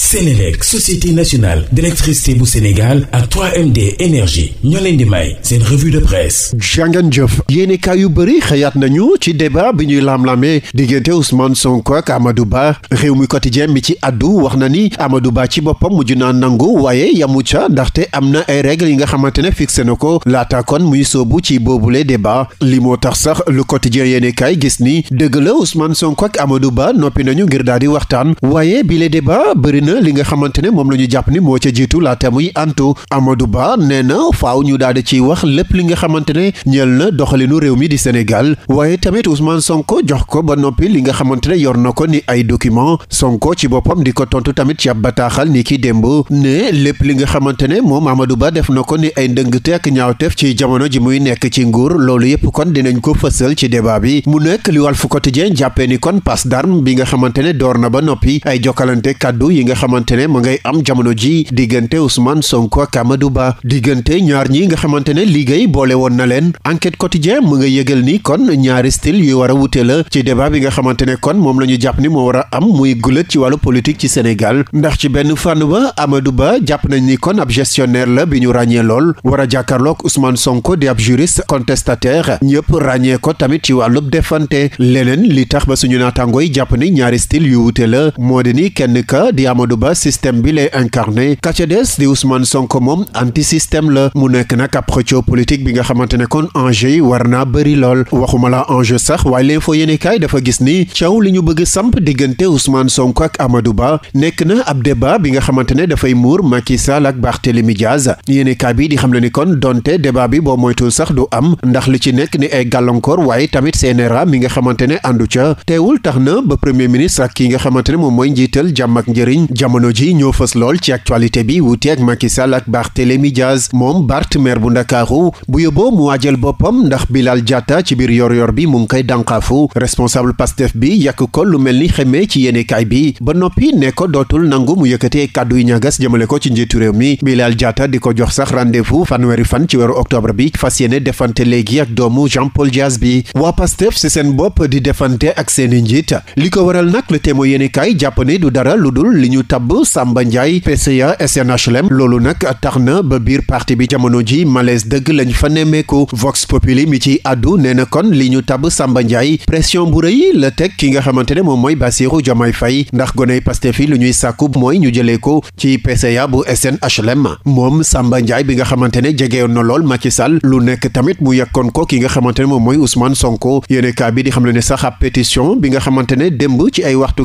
Sénélec société nationale d'électricité bu Sénégal ak 3MD énergie ñoo leen di may seen revue de presse jàngeen jëf yéenekaay yu bëri xëyaat nañu ci débat bi ñuy laam-laamee diggante Ousmane Sonko ak Amadou Ba réew mi quotidien mi ci addu wax na ni Amadou Ba ci boppam mujj naa nangu waaye yamu ca ndaxte am na ay règles yi nga xamante ne fixé na ko laata kon muy soobu ci boobule débat li moo tax sax le quotidien yéenekaay gis ni dëgg la Ousmane Sonko ak Amadou Ba noppi nañu ngir daal di waxtaan waaye bile débat bëri na li nga xamante ne moom la ñu jàpp ni moo ca jiitu laata muy antu Amadou Ba na faaw ñu daal di ciy wax lépp li nga xamante ne ñeel na doxalinu réew mi di Sénégal waaye tamit Ousmane Sonko jox ko ba noppi li nga xamante ne yor na ko ni ay document Sonko ci boppam di ko tontu tamit ci ab bataaxal ni ki démb ne li nga xamante ne moom Amadou Ba def na ko ni ay ndëngte ak ñaawteef ci jamono ji muy nekk ci nguur loolu yëpp kon dinañ ko fësal ci débat bi mu nekk li Walf Quotidien jàppee ni kon passe bi nga xamante door na ba noppi ay jokkalante kàddu yi nga xamante ne ma ngay am jamono ji diggante Ousmane Sonko ak Amadou Ba diggante ñaar ñi nga xamante ne liggéey boole woon na leen enquête quotidien mu nga yëgal ni kon ñaari style yu war a wute la ci débat bi nga xamante ne kon moom la ñu jàpp ni moo war a am muy gulat ci wàllu politique ci Sénégal ndax ci benn fànn ba amadu Ba jàpp nañ ni kon ab gestionnaire la bi ñu ràññee lool war a jàkkaarloog Ousmane Sonko di ab juriste contestataire ñëpp ràññee ko tamit ci wàllub defante leneen li tax ba suñu naataangooy jàpp ni ñaari style yu wute la moo di kenn di am Amadou Ba système bi lay incarné ka ca di Ousmane Sonko moom anti système la mu nekk nag ab xëccoo politique bi nga xamante ne kon enjeu yi war naa bëri lool waxuma la enjeu sax waaye l'info yéenekaay dafa gis ni caw li ñu bëgg samp diggante Ousmane Sonko ak amadu Ba nekk na ab débat bi nga xamante ne dafay muur Macky Sall ak Barthélémy Diaz yéenekaay bi di xam la ni kon donte débat bi boo moytu sax du am ndax li ci nekk ni ay gàllankoor waaye tamit CNRA mi nga xamante ne àndu ca tax na ba premier ministre ak nga xamante ne moom mooy njiital jàmm ak jamono ji ñoo fës lool ci actualité bi wuute ak Macky Sall ak Barthélémy Diaz moom Bart bu Ndakaaru bu yóbboo mu waajal boppam ndax Bilal Diatta ci biir yor-yor bi mu ngi koy dànqaafu responsable Pastef bi yàq ko lu mel ni xeme ci yéenekaay bi ba noppi nekko dootul nangu mu yëkkatee kàddu yu ñagas jëmale ko ci njiitu réew mi Bilal Diatta di ko jox sax rendez-vous fanweeri fan ci weeru octobre bi fas yéene defante léegi ak doomu Jean Paul Diaz bi waa Pastef si seen bopp di defante ak seeni njiit li ko waral nag le témoin yéenekaay jàpp ne du dara lu dul ñu tabb Samba Ndiaye PCA SNHLM loolu nag tax na ba biir parti bi jamono ji malaise dëgg lañ fa nemmeeku Vox Populi mi ci àddu nee na kon li ñu tabb Samba njaay pression bu rëy la teg ki nga xamante ne moom mooy Bassirou Diomaye fay ndax goney Pastef yi lu ñuy sàkku mooy ñu jëlee ko ci PCA bu SNHLM moom Samba Ndiaye bi nga xamante ne jegeyoon na lool Macky Sall lu nekk tamit mu yekkoon ko ki nga xamante ne moom mooy Ousmane Sonko yéene kaa bi di xam ne sax ab pétition bi nga xamante ne démb waxtu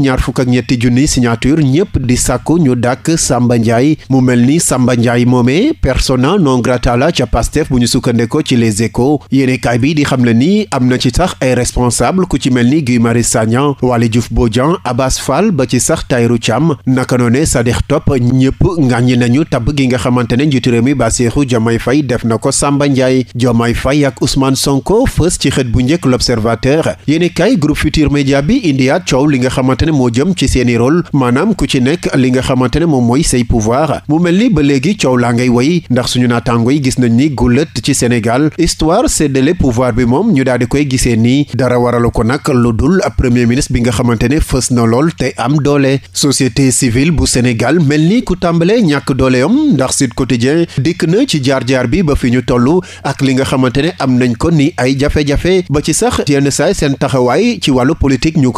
ñaar fukk ak ñetti junni signature ñëpp di sakk ñu dàkk Samba Ndiaye mu mel ni Samba Ndiaye moomee persona non grata la ca Pastef bu ñu sukkandeko ci les échos yéenekaay bi di xam le ni am na ci sax ay responsable ku ci mel ni Guy Marius Sagna Waly Diouf Bodian Abass Fall ba ci sax Tahirou Thiam naka noone dex Top ñëpp ngàññi nañu tab gi nga xamante ne njiitu réew mi Bassirou Diomaye Faye def na ko Samba Ndiaye Diomaye Faye ak Ousmane Sonko fës ci xët bu njëkk l'Observateur yéenekaay ne moo jëm ci seeni rôle maanaam ku ci nekk li nga xamante ne moom mooy say pouvoir mu mel ni ba léegi coow laa ngay woy ndax suñu naataango yi gis nañ ni gulët ci Sénégal histoire séddale pouvoir bi moom ñu daal di koy gisee nii dara waralu ko nag lu dul ab premier ministre bi nga xamante ne fës na lool te am doole societé civile bu Sénégal mel ni ku tàmbalee ñàkk dooleyam ndax Sud Quotidien dikk na ci jaar-jaar bi ba fi ñu toll ak li nga xamante ne am nañ ko ni ay jafe ba ci sax yenn saay seen taxawaay ci wàllu politique ñu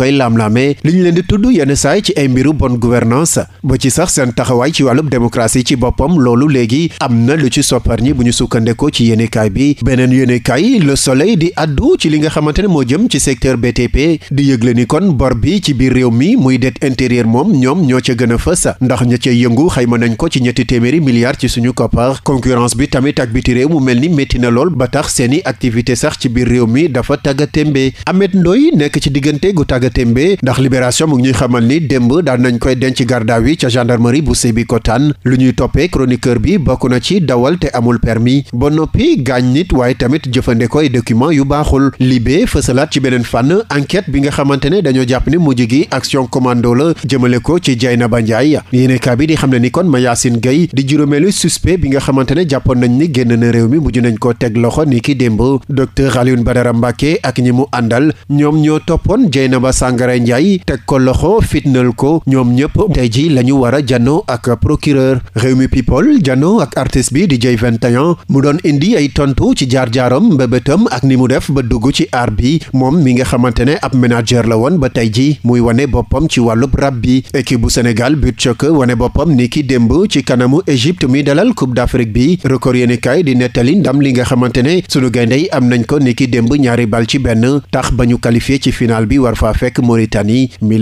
di tudd yenn saay ci ay mbiru bonne gouvernance ba ci sax seen taxawaay ci wàllub démocratie ci boppam loolu léegi am na lu ci soppar bu ñu sukkandekoo ci yéenekaay bi beneen yéenekaay la Soleil di addu ci li nga xamante ne moo jëm ci secteur BTP di yëgle ni kon bor bi ci biir réew mi muy dette intérieure moom ñoom ñoo ca gën a sa ndax ña cay yëngu xayma nañ ko ci ñetti téeméeri milliards ci suñu koppar concurrence bi tamit ak biti réew mu mel ni métti na lool ba tax seeni activité sax ci biir réew mi dafa tàggatémbe Ahmed Ndoy nekk ci diggante gu tàggatémbe ndax libération mu ngi ñuy xamal ni démb daan nañ koy denc gardaaw yi ca gendarmerie bu Sébikotane lu ñuy toppee chroniqueur bi bokk na ci dawal te amul permis ba noppi gaañ nit waaye tamit jëfandikoo ay document yu baaxul libé fësalaat ci beneen fànn enquête bi nga xamante ne dañoo jàpp ni mujj gi action commando la jëmale ko ci Dieynaba Ndiaye yéenekaay bi di xam ne ni kon Mayacine Gueye di juróomeelu suspect bi nga xamante ne jàppoon nañ ni génn na réew mi mujj nañ ko teg loxo ni ki démb docteur Alioune Badara Mbacké ak ñi mu àndal ñoom ñoo toppoon Dieynaba Sangara Ndiaye teg ko loxo fitnal ko ñoom ñëpp tey ji la ñu war a janno ak procureur Rewmi People janno ak artiste bi di Jay 21 mu doon indi ay tontu ci jaar-jaaram mbébétam ak ni mu def ba dugg ci aar bi moom mi nga xamante ne ab manager la woon ba tey ji muy wane boppam ci wàllub rab bi équipe bu Sénégal but choc wane boppam ni ki démb ci kanamu Égypte mi dalal Coupe d'Afrique bi record yéeni di nettali ndam li nga xamante ne sunu gaynde yi am nañ ko ni ki démb ñaari bal ci benn tax ba ñu qualifié ci final bi war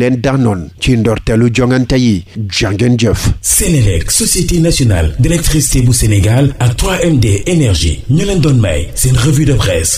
leen daanoon ci ndorteelu jongante yi jàngeen jëf Sénélec société nationale d'électricité bu Sénégal ak 3MD énergie ñu leen doon may seen revue de presse